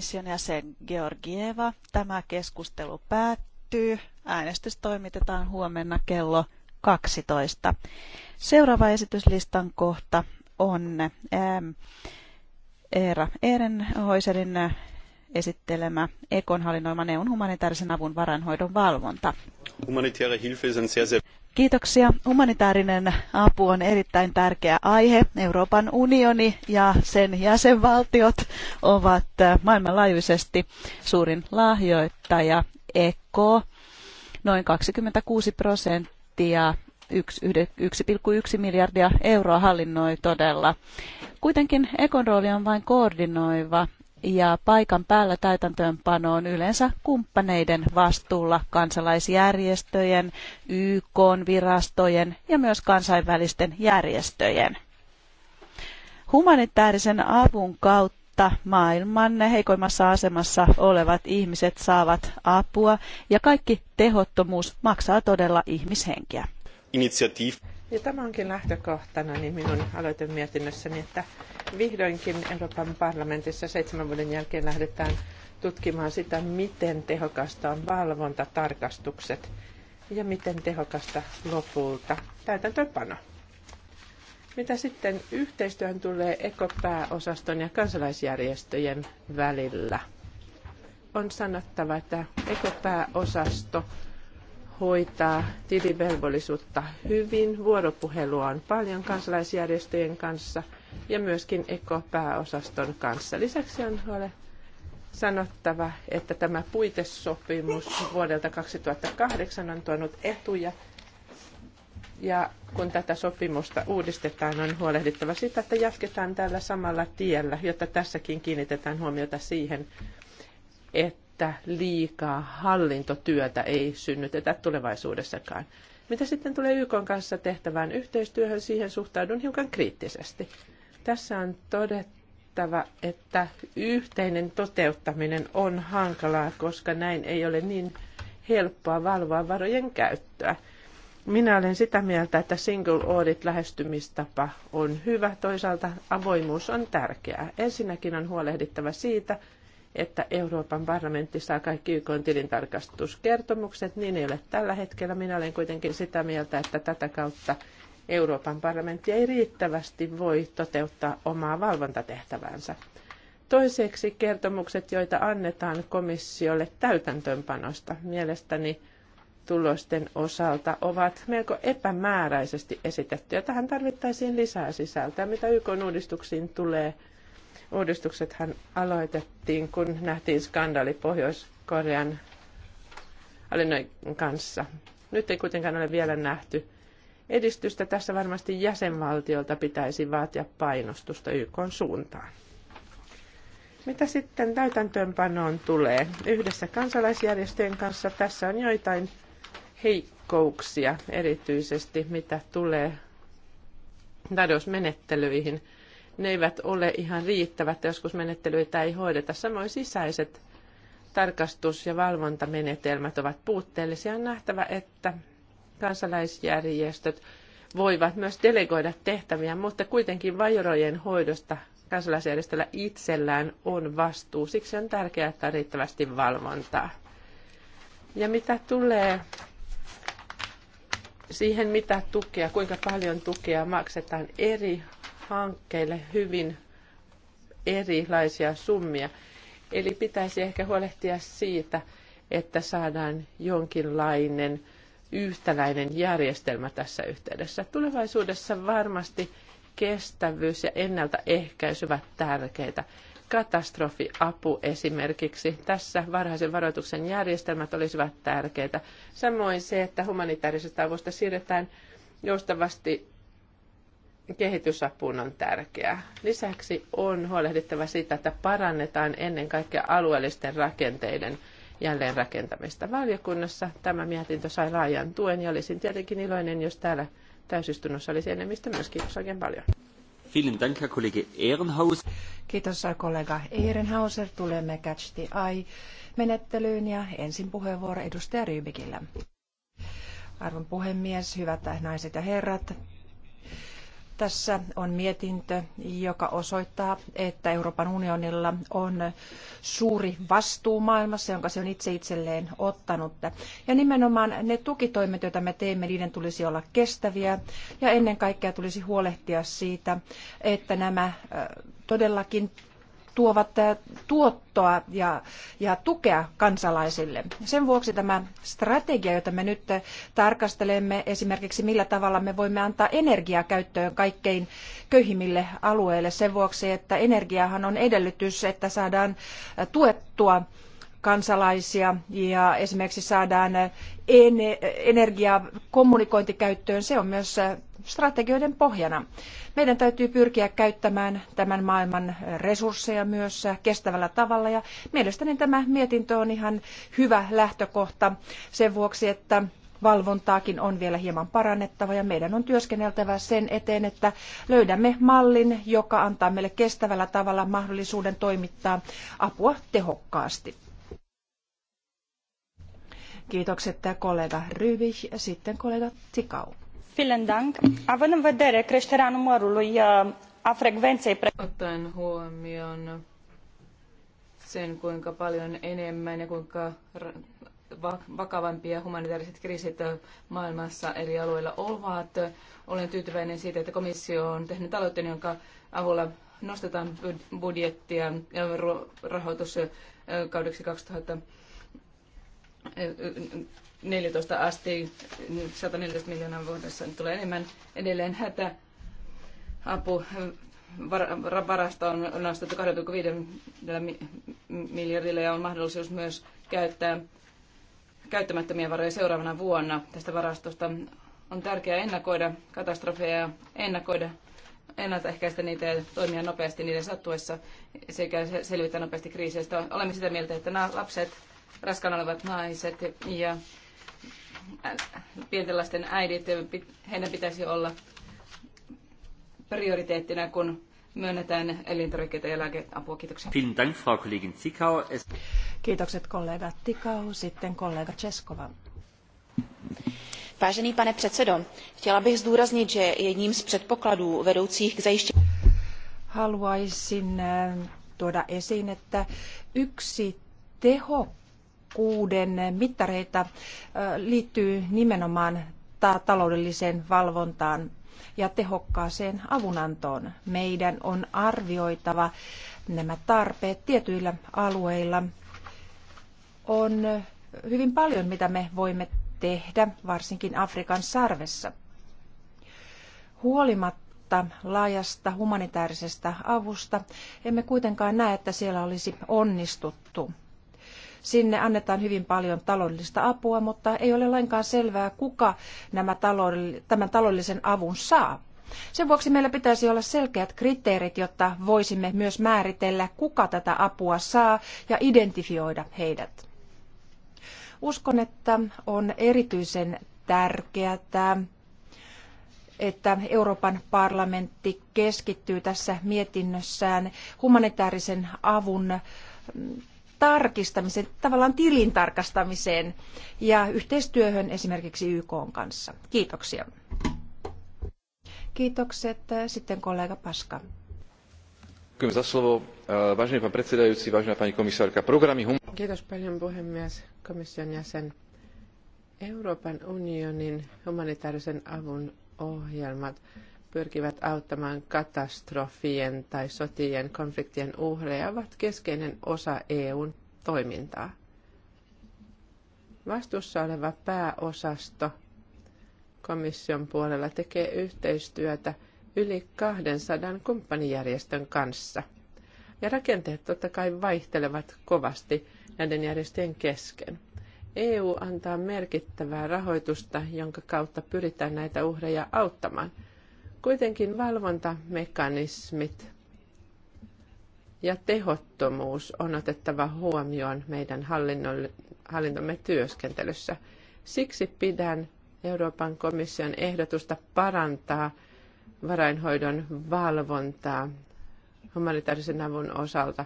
komission jäsen Georgieva. Tämä keskustelu päättyy. Äänestys toimitetaan huomenna kello 12. Seuraava esityslistan kohta on ähm, Eera Ehrenhoiselin äh, esittelemä Ekon hallinnoima EUn humanitaarisen avun varainhoidon valvonta. Hilfe sehr, sehr Kiitoksia. Humanitaarinen apu on erittäin tärkeä aihe. Euroopan unioni ja sen jäsenvaltiot ovat äh, maailmanlaajuisesti suurin lahjoittaja. EKO noin 26 prosenttia, 1,1 miljardia euroa hallinnoi todella. Kuitenkin EKOn rooli on vain koordinoiva ja paikan päällä täytäntöönpano on yleensä kumppaneiden vastuulla kansalaisjärjestöjen, YK, virastojen ja myös kansainvälisten järjestöjen. Humanitaarisen avun kautta maailman heikoimmassa asemassa olevat ihmiset saavat apua ja kaikki tehottomuus maksaa todella ihmishenkiä. Initiativ. Ja tämä onkin lähtökohtana niin minun aloitemietinnössäni, että Vihdoinkin Euroopan parlamentissa seitsemän vuoden jälkeen lähdetään tutkimaan sitä, miten tehokasta on valvonta, tarkastukset ja miten tehokasta lopulta täytäntöönpano. Mitä sitten yhteistyöhön tulee ekopääosaston ja kansalaisjärjestöjen välillä? On sanottava, että ekopääosasto hoitaa tilivelvollisuutta hyvin. Vuoropuhelua on paljon kansalaisjärjestöjen kanssa ja myöskin ekopääosaston kanssa. Lisäksi on ole sanottava, että tämä puitesopimus vuodelta 2008 on tuonut etuja. Ja kun tätä sopimusta uudistetaan, on huolehdittava sitä, että jatketaan tällä samalla tiellä, jotta tässäkin kiinnitetään huomiota siihen, että että liikaa hallintotyötä ei synnytetä tulevaisuudessakaan. Mitä sitten tulee YK kanssa tehtävään yhteistyöhön, siihen suhtaudun hiukan kriittisesti. Tässä on todettava, että yhteinen toteuttaminen on hankalaa, koska näin ei ole niin helppoa valvoa varojen käyttöä. Minä olen sitä mieltä, että single audit lähestymistapa on hyvä. Toisaalta avoimuus on tärkeää. Ensinnäkin on huolehdittava siitä, että Euroopan parlamentti saa kaikki YK tilintarkastuskertomukset. Niin ei ole tällä hetkellä. Minä olen kuitenkin sitä mieltä, että tätä kautta Euroopan parlamentti ei riittävästi voi toteuttaa omaa valvontatehtäväänsä. Toiseksi kertomukset, joita annetaan komissiolle täytäntöönpanosta, mielestäni tulosten osalta ovat melko epämääräisesti esitettyjä. Tähän tarvittaisiin lisää sisältöä, mitä YK uudistuksiin tulee – Uudistuksethan aloitettiin, kun nähtiin skandaali Pohjois-Korean hallinnon kanssa. Nyt ei kuitenkaan ole vielä nähty edistystä. Tässä varmasti jäsenvaltiolta pitäisi vaatia painostusta YK suuntaan. Mitä sitten täytäntöönpanoon tulee? Yhdessä kansalaisjärjestöjen kanssa tässä on joitain heikkouksia, erityisesti mitä tulee tadosmenettelyihin. menettelyihin ne eivät ole ihan riittävät, joskus menettelyitä ei hoideta. Samoin sisäiset tarkastus- ja valvontamenetelmät ovat puutteellisia. On nähtävä, että kansalaisjärjestöt voivat myös delegoida tehtäviä, mutta kuitenkin vajorojen hoidosta kansalaisjärjestöllä itsellään on vastuu. Siksi on tärkeää, että on riittävästi valvontaa. Ja mitä tulee siihen, mitä tukea, kuinka paljon tukea maksetaan eri hankkeille hyvin erilaisia summia. Eli pitäisi ehkä huolehtia siitä, että saadaan jonkinlainen yhtäläinen järjestelmä tässä yhteydessä. Tulevaisuudessa varmasti kestävyys ja ennaltaehkäisy ovat tärkeitä. Katastrofiapu esimerkiksi. Tässä varhaisen varoituksen järjestelmät olisivat tärkeitä. Samoin se, että humanitaarisesta avusta siirretään joustavasti kehitysapuun on tärkeää. Lisäksi on huolehdittava siitä, että parannetaan ennen kaikkea alueellisten rakenteiden jälleenrakentamista. Valiokunnassa tämä mietintö sai laajan tuen ja olisin tietenkin iloinen, jos täällä täysistunnossa olisi enemmistö myös. Kiitos oikein paljon. Vielen Dank, Herr Kollege Ehrenhaus. Kiitos kollega Ehrenhauser. Tulemme Catch the Eye-menettelyyn ja ensin puheenvuoro edustaja Rybikillä. Arvon puhemies, hyvät naiset ja herrat, tässä on mietintö, joka osoittaa, että Euroopan unionilla on suuri vastuu maailmassa, jonka se on itse itselleen ottanut. Ja nimenomaan ne tukitoimet, joita me teemme, niiden tulisi olla kestäviä ja ennen kaikkea tulisi huolehtia siitä, että nämä todellakin tuovat eh, tuottoa ja, ja tukea kansalaisille. Sen vuoksi tämä strategia, jota me nyt eh, tarkastelemme, esimerkiksi millä tavalla me voimme antaa energiaa käyttöön kaikkein köyhimmille alueille sen vuoksi, että energiahan on edellytys, että saadaan eh, tuettua kansalaisia ja esimerkiksi saadaan energiaa kommunikointikäyttöön, se on myös strategioiden pohjana. Meidän täytyy pyrkiä käyttämään tämän maailman resursseja myös kestävällä tavalla ja mielestäni tämä mietintö on ihan hyvä lähtökohta sen vuoksi, että valvontaakin on vielä hieman parannettava ja meidän on työskenneltävä sen eteen, että löydämme mallin, joka antaa meille kestävällä tavalla mahdollisuuden toimittaa apua tehokkaasti. Kiitokset kollega Ryvi ja sitten kollega Tikau având în vedere creterea numărului uh, a frecvenei sen kuinka paljon enemmän kuinka vakavampia humanitaariset kriisit uh, maailmassa eri alueilla ovat. Olen tyytyväinen siitä, että komissio on tehnyt aloitteen, jonka avulla nostetaan budjettia ja rahoitus uh, kaudeksi 2000 14 asti, 114 miljoonaa vuodessa niin tulee enemmän edelleen hätä. Apu varasta on nostettu 2,5 miljardilla ja on mahdollisuus myös käyttää käyttämättömiä varoja seuraavana vuonna tästä varastosta. On tärkeää ennakoida katastrofeja, ennakoida ennaltaehkäistä niitä ja toimia nopeasti niiden sattuessa sekä selvitä nopeasti kriiseistä. Olemme sitä mieltä, että nämä lapset, raskaana olevat naiset ja pienten lasten äidit, heidän pitäisi olla prioriteettina, kun myönnetään elintarvikkeita ja lääkeapua. Kiitoksia. Kiitokset kollega Tikau, sitten kollega Českova. Vážený pane předsedo, chtěla bych zdůraznit, že jedním z předpokladů vedoucích k zajištění... Haluaisin eh, tuoda esiin, että yksi teho tehokkuuden mittareita liittyy nimenomaan taloudelliseen valvontaan ja tehokkaaseen avunantoon. Meidän on arvioitava nämä tarpeet tietyillä alueilla. On hyvin paljon, mitä me voimme tehdä, varsinkin Afrikan sarvessa. Huolimatta laajasta humanitaarisesta avusta emme kuitenkaan näe, että siellä olisi onnistuttu. Sinne annetaan hyvin paljon taloudellista apua, mutta ei ole lainkaan selvää, kuka nämä taloudell- tämän taloudellisen avun saa. Sen vuoksi meillä pitäisi olla selkeät kriteerit, jotta voisimme myös määritellä, kuka tätä apua saa ja identifioida heidät. Uskon, että on erityisen tärkeää, että Euroopan parlamentti keskittyy tässä mietinnössään humanitaarisen avun tarkistamiseen, tavallaan tilin tarkastamiseen ja yhteistyöhön esimerkiksi YK kanssa. Kiitoksia. Kiitokset. Sitten kollega Paska. Ďakujem za slovo. Eh, vážený pán predsedajúci, vážená pani komisárka, programy hum... Kiitos paljon puhemies, komission jäsen. Euroopan unionin humanitaarisen avun ohjelmat pyrkivät auttamaan katastrofien tai sotien konfliktien uhreja ovat keskeinen osa EUn toimintaa. Vastuussa oleva pääosasto komission puolella tekee yhteistyötä yli 200 kumppanijärjestön kanssa. Ja rakenteet totta kai vaihtelevat kovasti näiden järjestöjen kesken. EU antaa merkittävää rahoitusta, jonka kautta pyritään näitä uhreja auttamaan – Kuitenkin valvontamekanismit ja tehottomuus on otettava huomioon meidän hallintomme työskentelyssä. Siksi pidän Euroopan komission ehdotusta parantaa varainhoidon valvontaa humanitaarisen avun osalta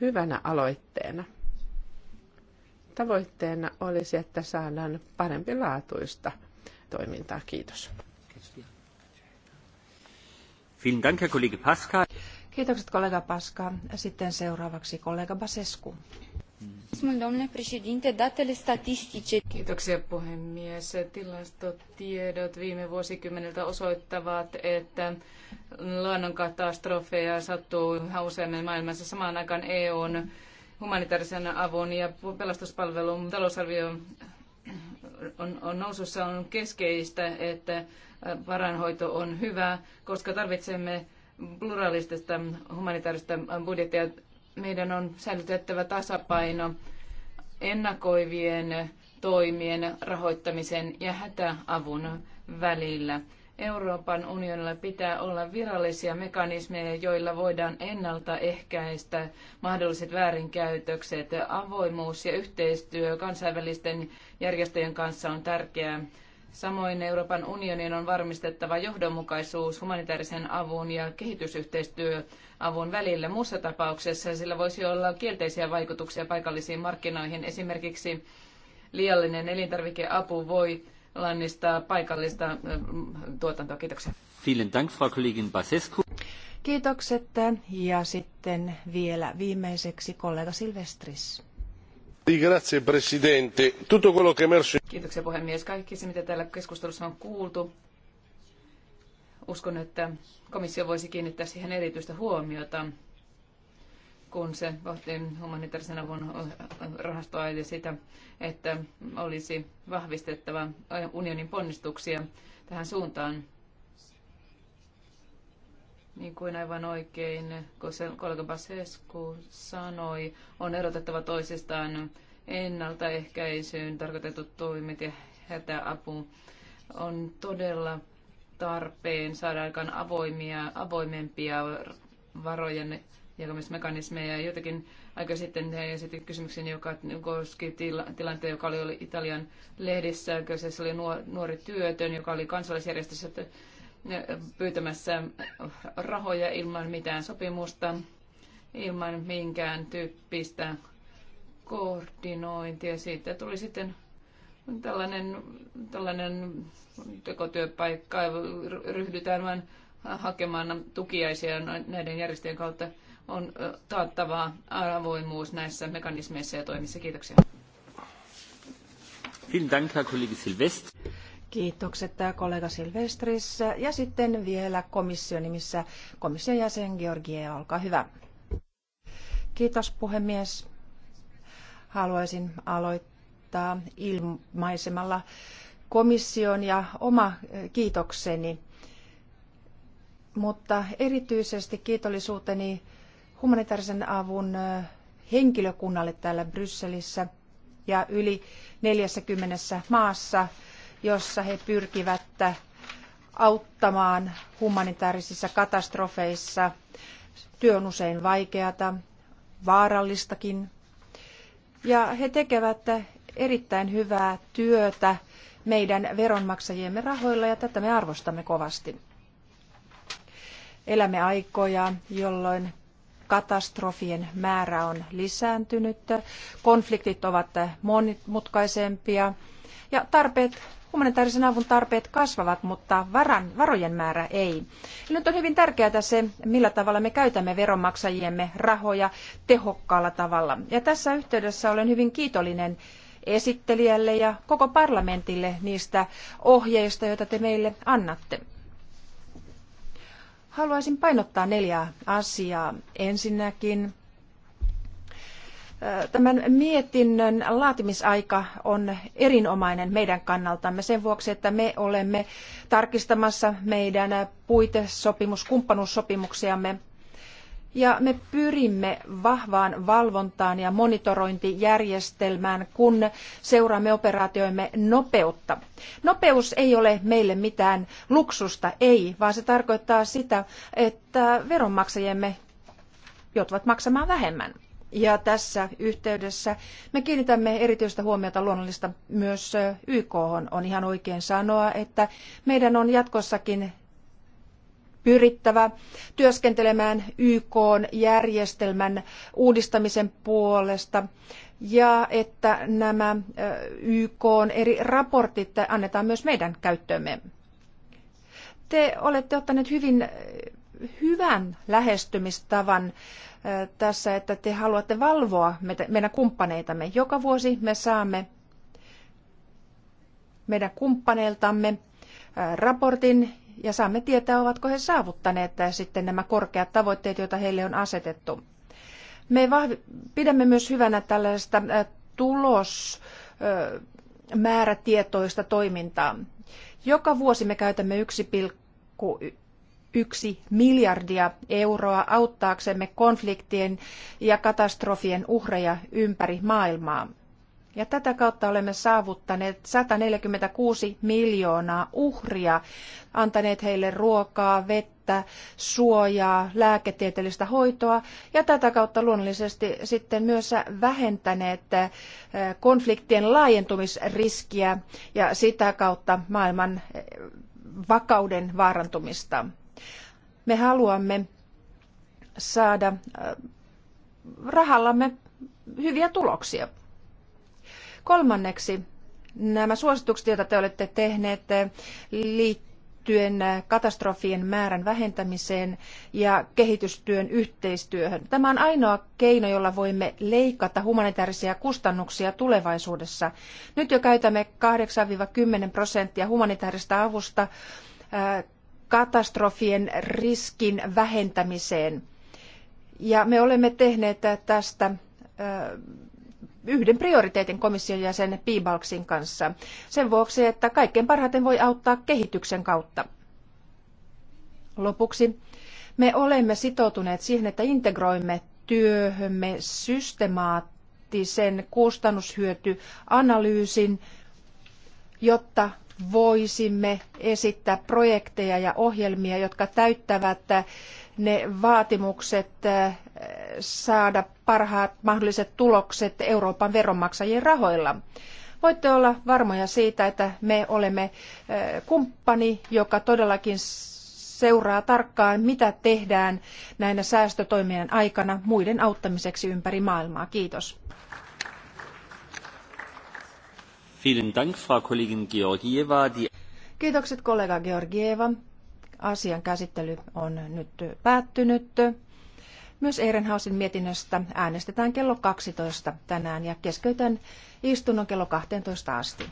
hyvänä aloitteena. Tavoitteena olisi, että saadaan parempilaatuista toimintaa. Kiitos. Kiitos. Kiitokset kollega Pasca. Sitten seuraavaksi kollega Basescu. Kiitoksia puhemies. Tilastotiedot viime vuosikymmeneltä osoittavat, että luonnonkatastrofeja sattuu yhä useammin maailmassa samaan aikaan EUn humanitaarisen avun ja pelastuspalvelun talousarvio on, on nousussa, on keskeistä, että äh, varainhoito on hyvä, koska tarvitsemme pluralistista humanitaarista budjettia. Meidän on säilytettävä tasapaino ennakoivien toimien rahoittamisen ja hätäavun välillä. Euroopan unionilla pitää olla virallisia mekanismeja, joilla voidaan ennaltaehkäistä mahdolliset väärinkäytökset. Avoimuus ja yhteistyö kansainvälisten järjestöjen kanssa on tärkeää. Samoin Euroopan unionin on varmistettava johdonmukaisuus humanitaarisen avun ja kehitysyhteistyöavun välillä. Muussa tapauksessa sillä voisi olla kielteisiä vaikutuksia paikallisiin markkinoihin. Esimerkiksi liiallinen elintarvikeapu voi lannista paikallista tuotantoa. Kiitoksia. Vielen Dank, Frau Kollegin Basescu. Kiitokset. Ja sitten vielä viimeiseksi kollega Silvestris. Grazie, Presidente. Tutto quello che emerso... Kiitoksia puhemies. Kaikki se, mitä täällä keskustelussa on kuultu, uskon, että komissio voisi kiinnittää siihen erityistä huomiota kun se pohti humanitaarisen avun rahastoa ja sitä, että olisi vahvistettava unionin ponnistuksia tähän suuntaan. Niin kuin aivan oikein, kun se kollega Basescu sanoi, on erotettava toisistaan ennaltaehkäisyyn tarkoitetut toimet ja hätäapu. On todella tarpeen saada aikaan avoimia, avoimempia varojen jakamismekanismeja. jotenkin aika sitten he esitti kysymyksen, joka koski tila, tilanteen, joka oli Italian lehdissä. Kyseessä oli nuori työtön, joka oli kansalaisjärjestössä pyytämässä rahoja ilman mitään sopimusta, ilman minkään tyyppistä koordinointia. Siitä tuli sitten tällainen, tällainen tekotyöpaikka, ryhdytään vain hakemaan tukiaisia näiden järjestöjen kautta on taattava avoimuus näissä mekanismeissa ja toimissa. Kiitoksia. Kiitokset äh, kollega Silvestris. Ja sitten vielä komission nimissä komission jäsen Georgieva, olkaa hyvä. Kiitos puhemies. Haluaisin aloittaa ilmaisemalla komission ja oma äh, kiitokseni, mutta erityisesti kiitollisuuteni humanitaarisen avun henkilökunnalle täällä Brysselissä ja yli 40 maassa, jossa he pyrkivät auttamaan humanitaarisissa katastrofeissa. Työ on usein vaikeata, vaarallistakin. Ja he tekevät erittäin hyvää työtä meidän veronmaksajiemme rahoilla ja tätä me arvostamme kovasti. Elämme aikoja, jolloin katastrofien määrä on lisääntynyt, konfliktit ovat monimutkaisempia ja tarpeet humanitaarisen avun tarpeet kasvavat, mutta varan, varojen määrä ei. Ja nyt on hyvin tärkeää se, millä tavalla me käytämme veronmaksajiemme rahoja tehokkaalla tavalla. Ja tässä yhteydessä olen hyvin kiitollinen esittelijälle ja koko parlamentille niistä ohjeista, joita te meille annatte. Haluaisin painottaa neljää asiaa. Ensinnäkin Tämän mietinnön laatimisaika on erinomainen meidän kannaltamme sen vuoksi, että me olemme tarkistamassa meidän puitesopimus, ja me pyrimme vahvaan valvontaan ja monitorointijärjestelmään, kun seuraamme operaatioimme nopeutta. Nopeus ei ole meille mitään luksusta, ei, vaan se tarkoittaa sitä, että veronmaksajiemme joutuvat maksamaan vähemmän. Ja tässä yhteydessä me kiinnitämme erityistä huomiota luonnollista myös YK on, on ihan oikein sanoa, että meidän on jatkossakin pyrittävä työskentelemään YK järjestelmän uudistamisen puolesta ja että nämä YK eri raportit annetaan myös meidän käyttöömme. Te olette ottaneet hyvin hyvän lähestymistavan tässä, että te haluatte valvoa meidän kumppaneitamme. Joka vuosi me saamme meidän kumppaneiltamme raportin, ja saamme tietää, ovatko he saavuttaneet sitten nämä korkeat tavoitteet, joita heille on asetettu. Me pidämme myös hyvänä tällaista tulosmäärätietoista toimintaa. Joka vuosi me käytämme 1,1 miljardia euroa auttaaksemme konfliktien ja katastrofien uhreja ympäri maailmaa. Ja tätä kautta olemme saavuttaneet 146 miljoonaa uhria, antaneet heille ruokaa, vettä, suojaa, lääketieteellistä hoitoa ja tätä kautta luonnollisesti sitten myös vähentäneet eh, konfliktien laajentumisriskiä ja sitä kautta maailman eh, vakauden vaarantumista. Me haluamme saada eh, rahallamme hyviä tuloksia. Kolmanneksi, nämä suositukset, joita te olette tehneet eh, liittyen eh, katastrofien määrän vähentämiseen ja kehitystyön yhteistyöhön. Tämä on ainoa keino, jolla voimme leikata humanitaarisia kustannuksia tulevaisuudessa. Nyt jo käytämme 8-10 prosenttia humanitaarista avusta eh, katastrofien riskin vähentämiseen. Ja me olemme tehneet tästä yhden prioriteetin komission jäsen Piibalksin kanssa. Sen vuoksi, että kaikkein parhaiten voi auttaa kehityksen kautta. Lopuksi me olemme sitoutuneet siihen, että integroimme työhömme systemaattisen kustannushyötyanalyysin jotta voisimme esittää projekteja ja ohjelmia, jotka täyttävät ne vaatimukset eh, saada parhaat mahdolliset tulokset Euroopan veronmaksajien rahoilla. Voitte olla varmoja siitä, että me olemme eh, kumppani, joka todellakin seuraa tarkkaan, mitä tehdään näinä säästötoimien aikana muiden auttamiseksi ympäri maailmaa. Kiitos. Kiitokset kollega Georgieva. Asian käsittely on nyt päättynyt. Myös Ehrenhausin mietinnöstä äänestetään kello 12 tänään ja keskeytän istunnon kello 12 asti.